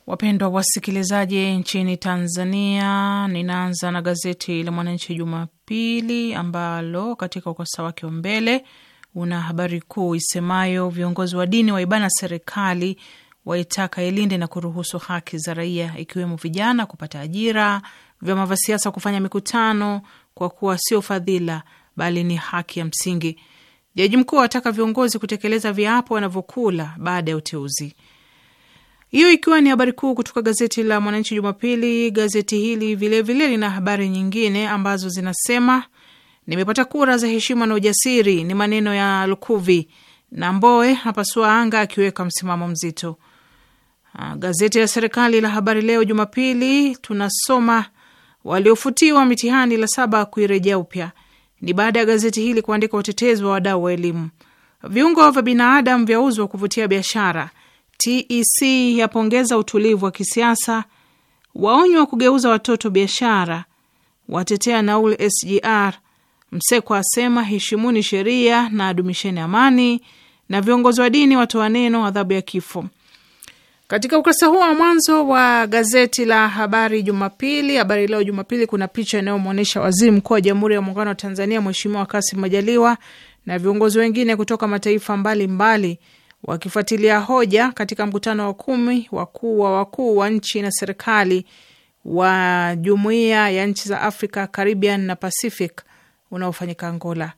S3: Wapendwa wasikilizaji, nchini Tanzania, ninaanza na gazeti la Mwananchi Jumapili ambalo katika ukurasa wake wa mbele una habari kuu isemayo viongozi wa dini waibana serikali waitaka ilinde na kuruhusu haki za raia ikiwemo vijana kupata ajira, vyama vya siasa kufanya mikutano kwa kuwa sio fadhila bali ni haki ya msingi. Jaji mkuu awataka viongozi kutekeleza viapo wanavyokula baada ya uteuzi. Hiyo ikiwa ni habari kuu kutoka gazeti la Mwananchi Jumapili. Gazeti hili vilevile lina habari nyingine ambazo zinasema nimepata kura za heshima na ujasiri, ni maneno ya Lukuvi na Mboe hapasua anga akiweka msimamo mzito. Ah, gazeti la serikali la Habari Leo Jumapili tunasoma waliofutiwa mitihani la saba kuirejea upya ni baada ya gazeti hili kuandika utetezi wa wadau wa elimu. Viungo vya binadamu vyauzwa kuvutia biashara TEC yapongeza utulivu wa kisiasa, waonywa kugeuza watoto biashara, watetea nauli SGR, Msekwa asema heshimuni sheria na adumisheni amani, na viongozi wa dini watoa neno adhabu ya kifo. Katika ukurasa huo wa mwanzo wa gazeti la Habari Jumapili, Habari Leo Jumapili, kuna picha inayomwonyesha waziri mkuu wa Jamhuri ya Muungano wa Tanzania Mheshimiwa Kasim Majaliwa na viongozi wengine kutoka mataifa mbalimbali mbali wakifuatilia hoja katika mkutano wa kumi wakuu wa wakuu wa nchi na serikali wa jumuiya ya nchi za Afrika, Caribbean na Pacific unaofanyika Angola.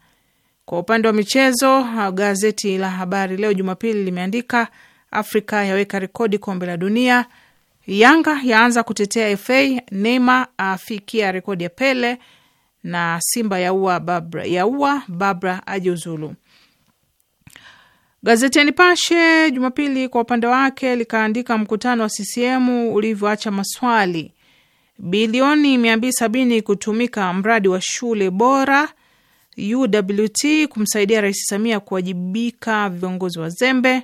S3: Kwa upande wa michezo, gazeti la Habari Leo Jumapili limeandika Afrika yaweka rekodi kombe la dunia, Yanga yaanza kutetea FA, Neymar afikia rekodi ya Pele na Simba yaua Babra, yaua Babra ajiuzulu. Gazeti ya Nipashe Jumapili kwa upande wake likaandika mkutano wa CCM ulivyoacha maswali, bilioni 270 kutumika mradi wa shule bora, UWT kumsaidia Rais Samia kuwajibika viongozi wazembe,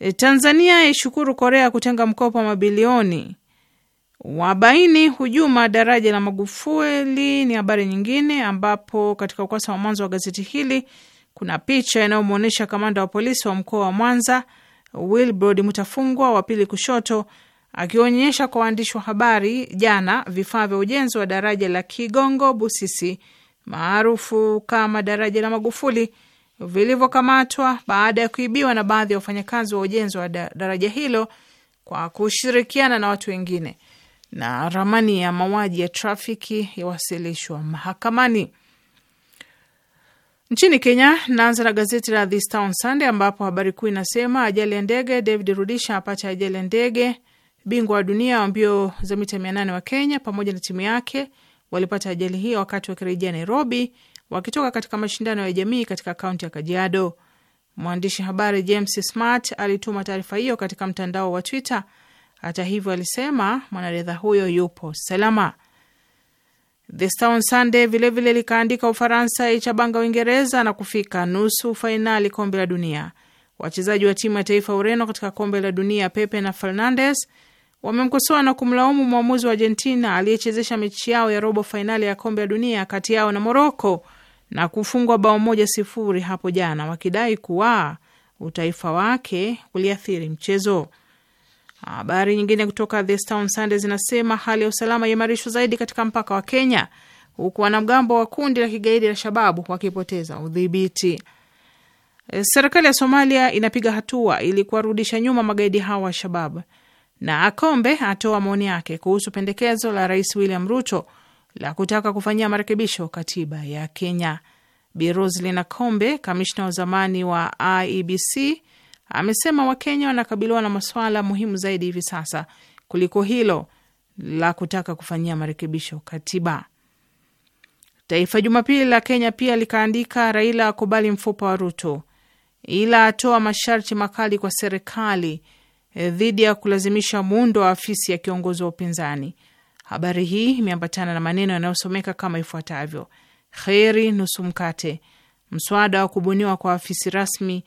S3: e, Tanzania ishukuru Korea kutenga mkopo wa mabilioni, wabaini hujuma daraja la Magufuli ni habari nyingine, ambapo katika ukurasa wa mwanzo wa gazeti hili kuna picha inayomwonyesha kamanda wa polisi wa mkoa wa Mwanza Wilbrod Mutafungwa wa pili kushoto akionyesha kwa waandishi wa habari jana vifaa vya ujenzi wa daraja la Kigongo Busisi maarufu kama daraja la Magufuli vilivyokamatwa baada ya kuibiwa na baadhi ya wafanyakazi wa ujenzi wa daraja hilo kwa kushirikiana na watu wengine, na ramani ya mauaji ya trafiki yawasilishwa mahakamani. Nchini Kenya, naanza na gazeti la This Town Sunday ambapo habari kuu inasema ajali ya ndege, David Rudisha apata ajali ya ndege. Bingwa wa dunia wa mbio za mita nane wa Kenya pamoja na timu yake walipata ajali hiyo wakati wakirejea Nairobi wakitoka katika mashindano ya jamii katika kaunti ya Kajiado. Mwandishi habari James Smart alituma taarifa hiyo katika mtandao wa Twitter. Hata hivyo, alisema mwanariadha huyo yupo salama. The Star on Sunday vilevile likaandika Ufaransa ichabanga Uingereza na kufika nusu fainali kombe la dunia. Wachezaji wa timu ya taifa Ureno katika kombe la dunia Pepe na Fernandes wamemkosoa na kumlaumu mwamuzi wa Argentina aliyechezesha mechi yao ya robo fainali ya kombe la dunia kati yao na Moroko na kufungwa bao moja sifuri hapo jana, wakidai kuwa utaifa wake uliathiri mchezo. Habari nyingine kutoka The Town Sunday zinasema hali ya usalama imarishwa zaidi katika mpaka wa Kenya, huku wanamgambo wa kundi la kigaidi la Shababu wakipoteza udhibiti. Serikali ya Somalia inapiga hatua ili kuwarudisha nyuma magaidi hao wa Shababu. Na Akombe atoa maoni yake kuhusu pendekezo la Rais William Ruto la kutaka kufanyia marekebisho katiba ya Kenya. Bi Roslyn Akombe, kamishna wa zamani wa IEBC amesema Wakenya wanakabiliwa na masuala muhimu zaidi hivi sasa kuliko hilo la kutaka kufanyia marekebisho katiba. Taifa Jumapili la Kenya pia likaandika, Raila akubali mfupa wa Ruto ila atoa masharti makali kwa serikali eh, dhidi ya kulazimisha muundo wa afisi ya kiongozi wa upinzani. Habari hii imeambatana na maneno yanayosomeka kama ifuatavyo: kheri nusu mkate, mswada wa kubuniwa kwa afisi rasmi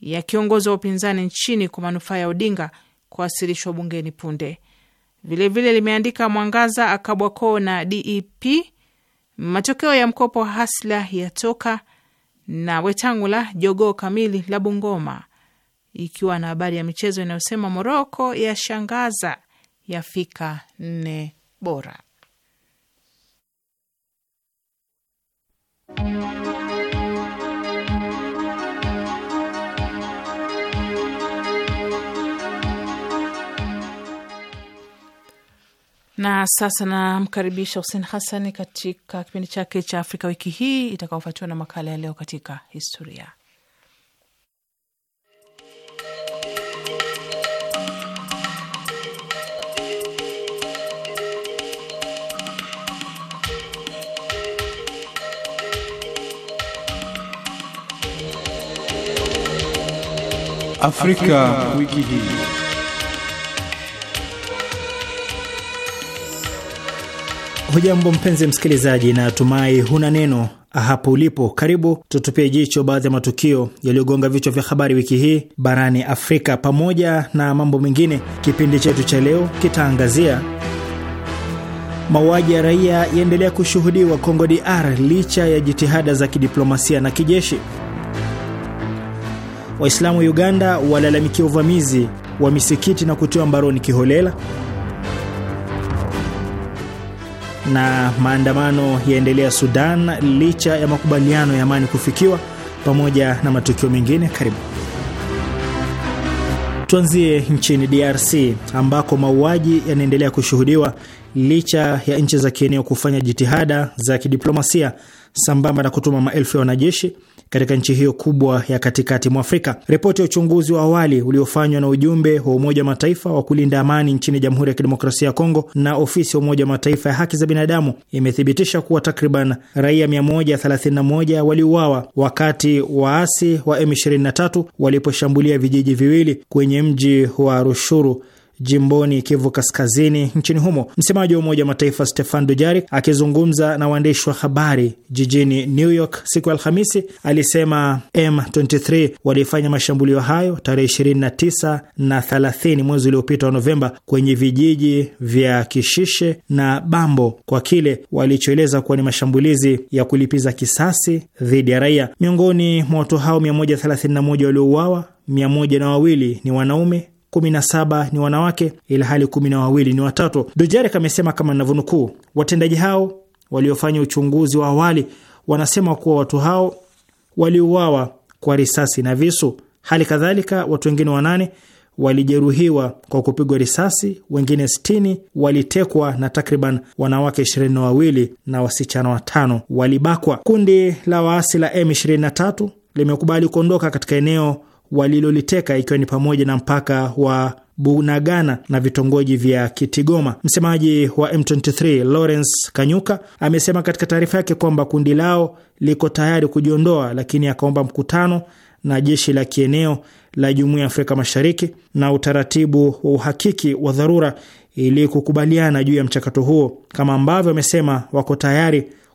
S3: ya kiongozi wa upinzani nchini kwa manufaa ya Odinga kuwasilishwa bungeni punde. Vilevile vile limeandika Mwangaza, akabwa koo na DEP, matokeo ya mkopo hasla yatoka, na Wetangula jogoo kamili la Bungoma, ikiwa na habari ya michezo inayosema Moroko ya shangaza yafika nne bora. Na sasa namkaribisha Husen Hasani katika kipindi chake cha Afrika wiki hii itakaofuatiwa na makala ya leo katika historia.
S5: Afrika, Afrika wiki hii.
S6: Hujambo mpenzi msikilizaji, na tumai huna neno hapo ulipo. Karibu tutupie jicho baadhi ya matukio yaliyogonga vichwa vya habari wiki hii barani Afrika. Pamoja na mambo mengine, kipindi chetu cha leo kitaangazia mauaji ya raia yaendelea kushuhudiwa Kongo DR licha ya jitihada za kidiplomasia na kijeshi. Waislamu wa Uganda walalamikia uvamizi wa misikiti na kutiwa mbaroni kiholela na maandamano yaendelea Sudan licha ya makubaliano ya amani kufikiwa pamoja na matukio mengine. Karibu tuanzie nchini DRC ambako mauaji yanaendelea kushuhudiwa licha ya nchi za kieneo kufanya jitihada za kidiplomasia sambamba na kutuma maelfu ya wanajeshi katika nchi hiyo kubwa ya katikati mwa Afrika. Ripoti ya uchunguzi wa awali uliofanywa na ujumbe wa Umoja wa Mataifa wa kulinda amani nchini Jamhuri ya Kidemokrasia ya Kongo na ofisi ya Umoja wa Mataifa ya haki za binadamu imethibitisha kuwa takriban raia 131 waliuawa wakati waasi wa M23 waliposhambulia vijiji viwili kwenye mji wa Rushuru jimboni Kivu Kaskazini nchini humo. Msemaji wa Umoja wa Mataifa Stefan Dujarik akizungumza na waandishi wa habari jijini New York siku ya Alhamisi alisema M23 walifanya mashambulio hayo tarehe 29 na 30 mwezi uliopita wa Novemba kwenye vijiji vya Kishishe na Bambo kwa kile walichoeleza kuwa ni mashambulizi ya kulipiza kisasi dhidi ya raia. Miongoni mwa watu hao 131 waliouawa, mia moja na wawili ni wanaume 17 ni wanawake hali kumi na wawili ni watoto. Dojarek amesema kama navyonukuu, watendaji hao waliofanya uchunguzi wa awali wanasema kuwa watu hao waliuawa kwa risasi na visu. Hali kadhalika watu wengine wanane walijeruhiwa kwa kupigwa risasi, wengine 60 walitekwa na takriban wanawake 22 na wasichana watano walibakwa. Kundi la waasi la M23 limekubali kuondoka katika eneo waliloliteka ikiwa ni pamoja na mpaka wa Bunagana na vitongoji vya Kitigoma. Msemaji wa M23 Lawrence Kanyuka amesema katika taarifa yake kwamba kundi lao liko tayari kujiondoa, lakini akaomba mkutano na jeshi la kieneo la Jumuiya ya Afrika Mashariki na utaratibu wa uhakiki wa dharura ili kukubaliana juu ya mchakato huo, kama ambavyo amesema wako tayari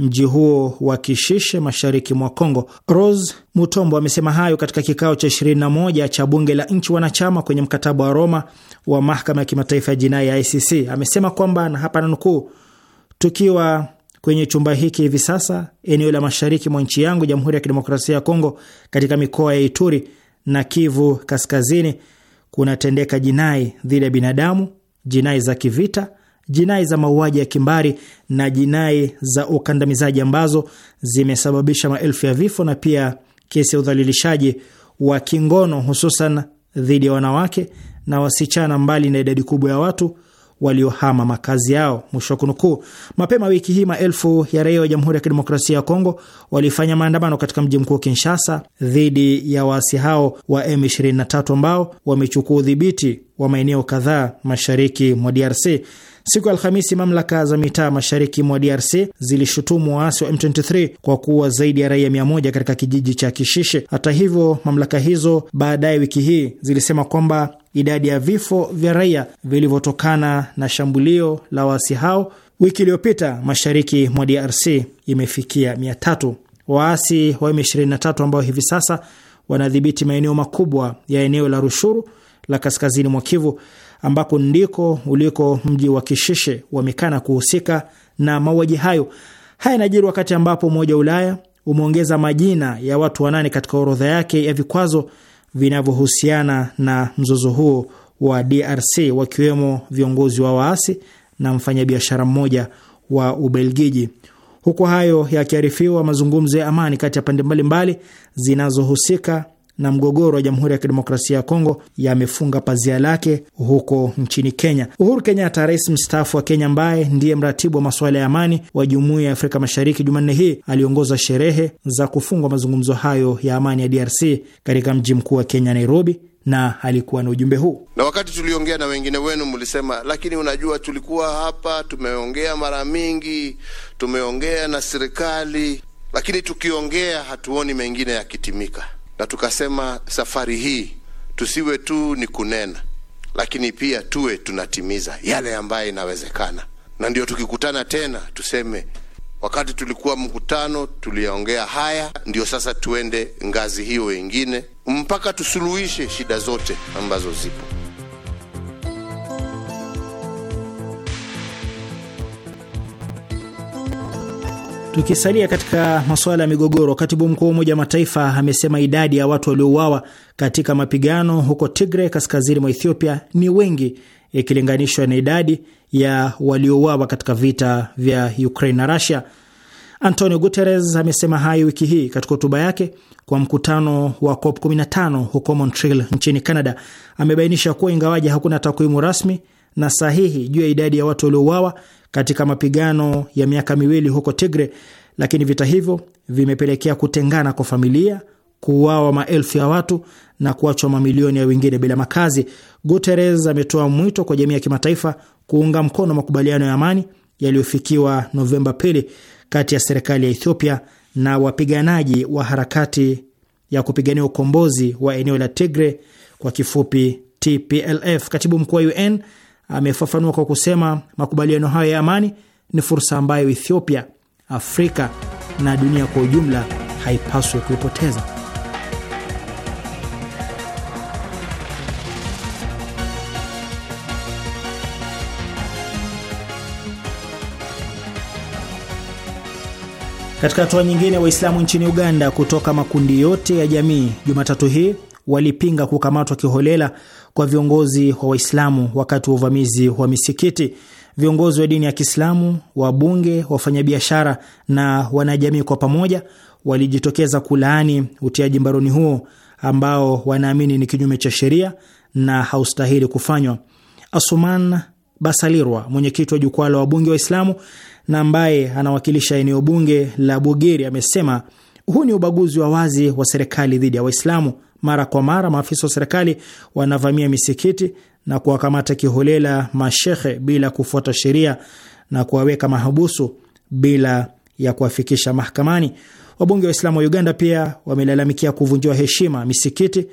S6: mji huo wa Kishishe mashariki mwa Kongo. Rose Mutombo amesema hayo katika kikao cha 21 cha bunge la nchi wanachama kwenye mkataba wa Roma wa mahakama ya kimataifa ya jinai ya ICC. Amesema kwamba na hapa nanukuu, tukiwa kwenye chumba hiki hivi sasa, eneo la mashariki mwa nchi yangu, Jamhuri ya Kidemokrasia ya Kongo, katika mikoa ya Ituri na Kivu Kaskazini kunatendeka jinai dhidi ya binadamu, jinai za kivita jinai za mauaji ya kimbari na jinai za ukandamizaji ambazo zimesababisha maelfu ya vifo na pia kesi ya udhalilishaji wa kingono hususan dhidi ya wanawake na wasichana, mbali na idadi kubwa ya watu waliohama makazi yao, mwisho wa kunukuu. Mapema wiki hii maelfu ya raia wa Jamhuri ya Kidemokrasia ya Kongo walifanya maandamano katika mji mkuu Kinshasa dhidi ya waasi hao wa M23 ambao wamechukua udhibiti wa maeneo kadhaa mashariki mwa DRC. Siku ya Alhamisi, mamlaka za mitaa mashariki mwa DRC zilishutumu waasi wa M23 kwa kuua zaidi ya raia 1 katika kijiji cha Kishishe. Hata hivyo, mamlaka hizo baadaye wiki hii zilisema kwamba idadi ya vifo vya raia vilivyotokana na shambulio la waasi hao wiki iliyopita mashariki mwa DRC imefikia tatu. Waasi wa M23 ambao hivi sasa wanadhibiti maeneo makubwa ya eneo la Rushuru la kaskazini mwa Kivu ambako ndiko uliko mji wa Kishishe wamekana kuhusika na mauaji hayo. Haya yanajiri wakati ambapo Umoja wa Ulaya umeongeza majina ya watu wanane katika orodha yake ya vikwazo vinavyohusiana na mzozo huo wa DRC wakiwemo viongozi wa waasi na mfanyabiashara mmoja wa Ubelgiji. Huku hayo yakiarifiwa, mazungumzo ya amani kati ya pande mbalimbali zinazohusika na mgogoro wa Jamhuri ya Kidemokrasia ya Kongo yamefunga pazia lake huko nchini Kenya. Uhuru Kenyatta, rais mstaafu wa Kenya ambaye ndiye mratibu wa masuala ya amani wa Jumuiya ya Afrika Mashariki, Jumanne hii aliongoza sherehe za kufungwa mazungumzo hayo ya amani ya DRC katika mji mkuu wa Kenya, Nairobi, na alikuwa na ujumbe huu.
S4: Na wakati tuliongea na wengine wenu, mlisema lakini, unajua tulikuwa hapa tumeongea mara mingi, tumeongea na serikali, lakini tukiongea hatuoni mengine yakitimika na tukasema safari hii tusiwe tu ni kunena, lakini pia tuwe tunatimiza
S1: yale ambayo inawezekana, na ndio tukikutana tena tuseme wakati tulikuwa mkutano tuliyaongea haya, ndio sasa tuende ngazi hiyo wengine mpaka tusuluhishe shida zote ambazo zipo.
S6: Tukisalia katika masuala ya migogoro, katibu mkuu wa Umoja wa Mataifa amesema idadi ya watu waliouawa katika mapigano huko Tigre, kaskazini mwa Ethiopia, ni wengi ikilinganishwa na idadi ya waliouawa katika vita vya Ukraine na Russia. Antonio Guterres amesema hayo wiki hii katika hotuba yake kwa mkutano wa COP 15 huko Montreal nchini Canada. Amebainisha kuwa ingawaji hakuna takwimu rasmi na sahihi juu ya idadi ya watu waliouawa, katika mapigano ya miaka miwili huko Tigre, lakini vita hivyo vimepelekea kutengana kwa familia, kuuawa maelfu ya watu na kuachwa mamilioni ya wengine bila makazi. Guterres ametoa mwito kwa jamii ya kimataifa kuunga mkono makubaliano ya amani yaliyofikiwa Novemba pili kati ya serikali ya Ethiopia na wapiganaji wa harakati ya kupigania ukombozi wa eneo la Tigre, kwa kifupi TPLF. Katibu mkuu wa UN amefafanua kwa kusema makubaliano hayo ya amani ni fursa ambayo Ethiopia, Afrika na dunia kwa ujumla haipaswi kuipoteza. Katika hatua nyingine, Waislamu nchini Uganda kutoka makundi yote ya jamii Jumatatu hii walipinga kukamatwa kiholela kwa viongozi wa Waislamu wakati wa uvamizi wa misikiti. Viongozi wa dini ya Kiislamu, wabunge, wafanyabiashara na wanajamii kwa pamoja walijitokeza kulaani utiaji mbaroni huo ambao wanaamini ni kinyume cha sheria na haustahili kufanywa. Asuman Basalirwa, mwenyekiti wa jukwaa la wabunge Waislamu na ambaye anawakilisha eneo bunge la Bugeri, amesema huu ni ubaguzi wa wazi wa serikali dhidi ya Waislamu. Mara kwa mara maafisa wa serikali wanavamia misikiti na kuwakamata kiholela mashehe bila kufuata sheria na kuwaweka mahabusu bila ya kuwafikisha mahakamani. Wabunge wa Islamu wa Uganda pia wamelalamikia kuvunjiwa heshima misikiti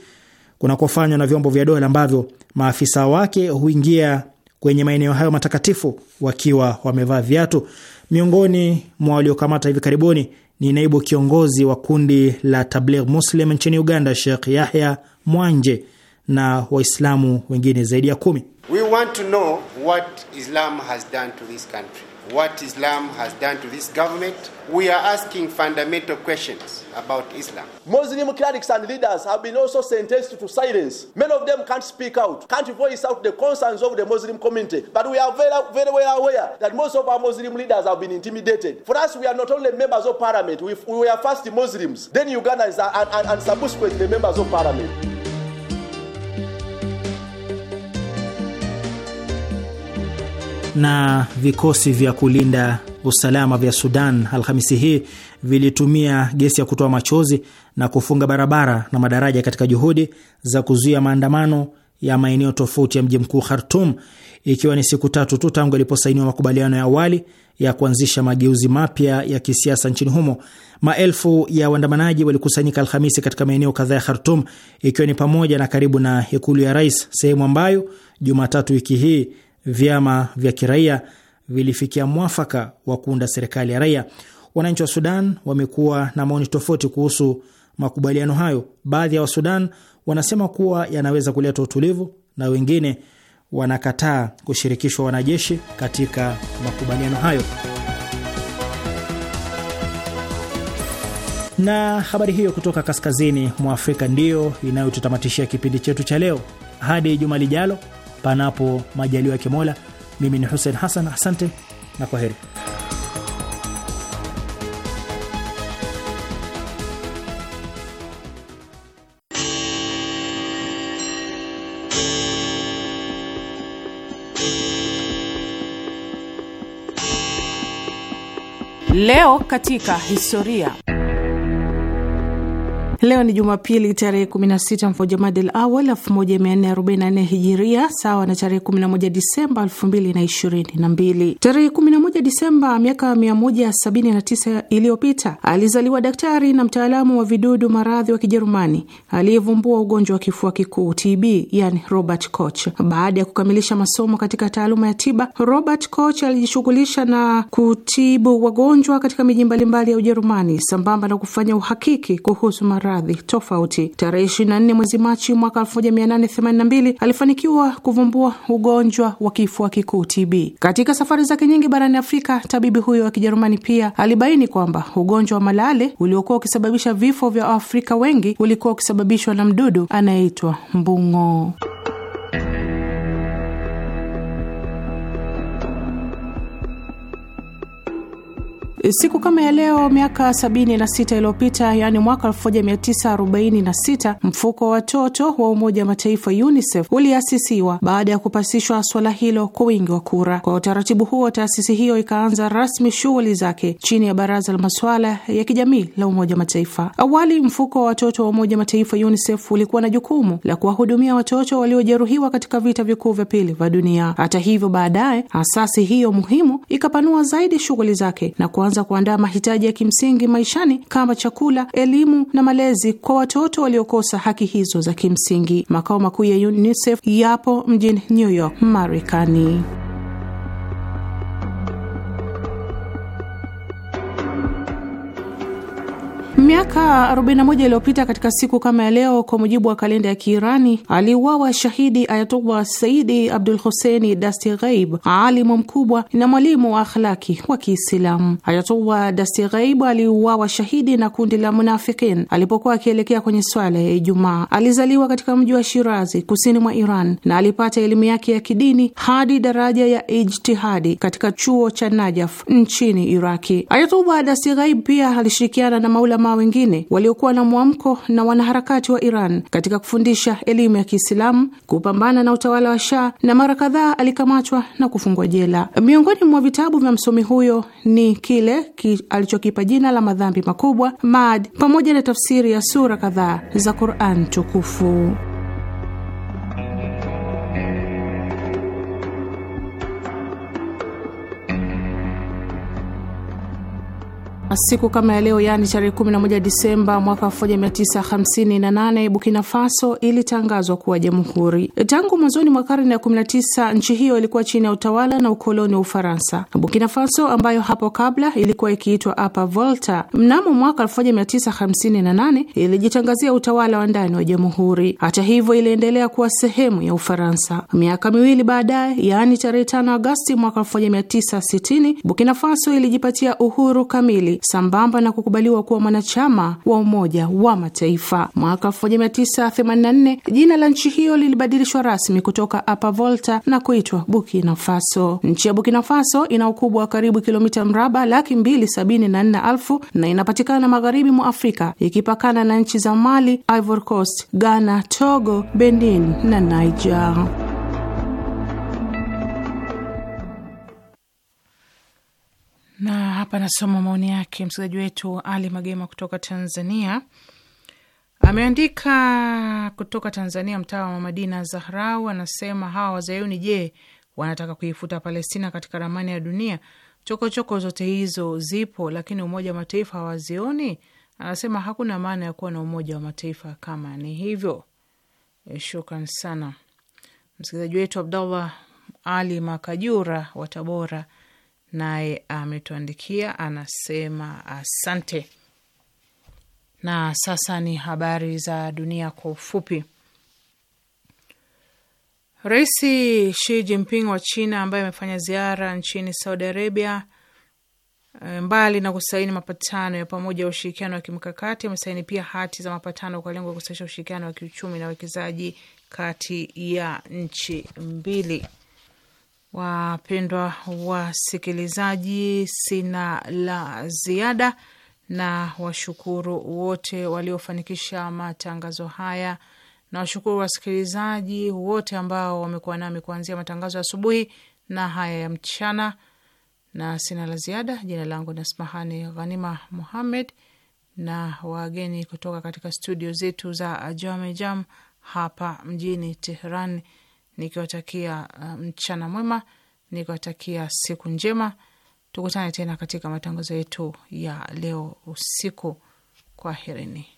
S6: kunakofanywa na vyombo vya dola ambavyo maafisa wake huingia kwenye maeneo hayo matakatifu wakiwa wamevaa viatu. Miongoni mwa waliokamata hivi karibuni ni naibu kiongozi wa kundi la Tabligh Muslim nchini Uganda, Sheikh Yahya Mwanje na Waislamu wengine zaidi ya kumi. We want to know what Islam has done to this country. what Islam has done to this government. We are asking fundamental questions about Islam.
S4: Muslim clerics and leaders have been also sentenced to silence. Many of them can't speak out, can't voice out the concerns of the Muslim community. But we are very, very well aware that most of our Muslim leaders have been intimidated. For us, we are not only members of parliament, we, we are first Muslims, then Ugandans, and, and, and subsequently members of parliament.
S6: na vikosi vya kulinda usalama vya Sudan Alhamisi hii vilitumia gesi ya kutoa machozi na kufunga barabara na madaraja katika juhudi za kuzuia maandamano ya maeneo tofauti ya mji mkuu Khartum, ikiwa ni siku tatu tu tangu yaliposainiwa makubaliano ya awali ya kuanzisha mageuzi mapya ya kisiasa nchini humo. Maelfu ya waandamanaji walikusanyika Alhamisi katika maeneo kadhaa ya Khartum, ikiwa ni pamoja na karibu na ikulu ya rais, sehemu ambayo Jumatatu wiki hii vyama vya kiraia vilifikia mwafaka wa kuunda serikali ya raia. Wananchi wa Sudan wamekuwa na maoni tofauti kuhusu makubaliano hayo. Baadhi ya Wasudan wanasema kuwa yanaweza kuleta utulivu na wengine wanakataa kushirikishwa wanajeshi katika makubaliano hayo. Na habari hiyo kutoka kaskazini mwa Afrika ndiyo inayotutamatishia kipindi chetu cha leo. Hadi juma lijalo, panapo majaliwa ya Kimola. Mimi ni Hussein Hassan, asante na kwa heri.
S3: Leo katika historia. Leo ni Jumapili tarehe 16 l Awal 1444 Hijiria, sawa na tarehe 11 Disemba 2022. Tarehe 11 Disemba miaka 179 iliyopita alizaliwa daktari na mtaalamu wa vidudu maradhi wa Kijerumani aliyevumbua ugonjwa wa kifua kikuu TB, yani Robert Koch. Baada ya kukamilisha masomo katika taaluma ya tiba, Robert Koch alijishughulisha na kutibu wagonjwa katika miji mbalimbali ya Ujerumani sambamba na kufanya uhakiki kuhusu maradhi maradhi tofauti. Tarehe 24 mwezi Machi mwaka 1882 alifanikiwa kuvumbua ugonjwa wa kifua kikuu TB. Katika safari zake nyingi barani Afrika, tabibi huyo wa Kijerumani pia alibaini kwamba ugonjwa wa malale uliokuwa ukisababisha vifo vya Waafrika wengi ulikuwa ukisababishwa na mdudu anayeitwa mbung'o. Eh, siku kama ya leo miaka 76 iliyopita, yaani mwaka 1946, mfuko wa watoto wa Umoja wa Mataifa UNICEF uliasisiwa baada ya kupasishwa swala hilo kwa wingi wa kura. Kwa utaratibu huo, taasisi hiyo ikaanza rasmi shughuli zake chini ya Baraza la Masuala ya Kijamii la Umoja wa Mataifa. Awali, mfuko wa watoto wa Umoja wa Mataifa UNICEF ulikuwa na jukumu la kuwahudumia watoto waliojeruhiwa katika vita vikuu vya pili vya dunia. Hata hivyo, baadaye asasi hiyo muhimu ikapanua zaidi shughuli zake na kwa kuanza kuandaa mahitaji ya kimsingi maishani kama chakula, elimu na malezi kwa watoto waliokosa haki hizo za kimsingi. Makao makuu ya UNICEF yapo mjini New York, Marekani. Miaka 41 iliyopita katika siku kama ya leo, kwa mujibu wa kalenda ya Kiirani, aliuawa shahidi Ayatullah Saidi Abdul Husseini ghaib alimu mkubwa na mwalimu wa akhlaki wa Kiislamu. Ayatullah ghaib aliuawa shahidi na kundi la Munafikin alipokuwa akielekea kwenye swala ya Ijumaa. Alizaliwa katika mji wa Shirazi, kusini mwa Iran, na alipata elimu yake ya kidini hadi daraja ya ijtihadi katika chuo cha Najaf nchini Iraki. Ayatullah ghaib pia alishirikiana na maulama wengine waliokuwa na mwamko na wanaharakati wa Iran katika kufundisha elimu ya Kiislamu, kupambana na utawala wa Shah na mara kadhaa alikamatwa na kufungwa jela. Miongoni mwa vitabu vya msomi huyo ni kile ki alichokipa jina la madhambi makubwa mad pamoja na tafsiri ya sura kadhaa za Quran tukufu. Siku kama ya leo yaani tarehe 11 Disemba mwaka 1958 Burkina Faso ilitangazwa kuwa jamhuri. Tangu mwanzoni mwa karne ya 19 nchi hiyo ilikuwa chini ya utawala na ukoloni wa Ufaransa. Burkina Faso ambayo hapo kabla ilikuwa ikiitwa Apa Volta, mnamo mwaka 1958 ilijitangazia utawala wa ndani wa jamhuri. Hata hivyo, iliendelea kuwa sehemu ya Ufaransa. Miaka miwili baadaye, yaani tarehe 5 Agasti mwaka 1960, Burkina Faso ilijipatia uhuru kamili sambamba na kukubaliwa kuwa mwanachama wa Umoja wa Mataifa. Mwaka 1984 jina la nchi hiyo lilibadilishwa rasmi kutoka Apa Volta na kuitwa Burkina Faso. Nchi ya Burkina Faso ina ukubwa wa karibu kilomita mraba laki mbili sabini na nne elfu na inapatikana magharibi mwa Afrika ikipakana na nchi za Mali, Ivory Coast, Ghana, Togo, Benin na Niger. Na hapa nasoma maoni yake msikilizaji wetu Ali Magema kutoka Tanzania. Ameandika kutoka Tanzania, mtaa wa Madina Zahrau, anasema hawa wazayuni, je, wanataka kuifuta Palestina katika ramani ya dunia? Chokochoko choko zote hizo zipo, lakini Umoja wa Mataifa hawazioni. Anasema hakuna maana ya kuwa na Umoja wa Mataifa kama ni hivyo. E, shukran sana msikilizaji wetu Abdallah Ali Makajura wa Tabora, naye ametuandikia anasema asante. Na sasa ni habari za dunia kwa ufupi. Rais Xi Jinping wa China ambaye amefanya ziara nchini Saudi Arabia, e, mbali na kusaini mapatano ya pamoja ya ushirikiano wa kimkakati, amesaini pia hati za mapatano kwa lengo la kusaisha ushirikiano wa kiuchumi na uwekezaji kati ya nchi mbili. Wapendwa wasikilizaji, sina la ziada na washukuru wote waliofanikisha matangazo haya, na washukuru wasikilizaji wote ambao wamekuwa nami kuanzia matangazo ya asubuhi na haya ya mchana. Na sina la ziada. Jina langu ni Asmahani Ghanima Muhammed na wageni kutoka katika studio zetu za Jamejam hapa mjini Tehran nikiwatakia uh, mchana mwema, nikiwatakia siku njema. Tukutane tena katika matangazo yetu ya leo usiku. Kwaherini.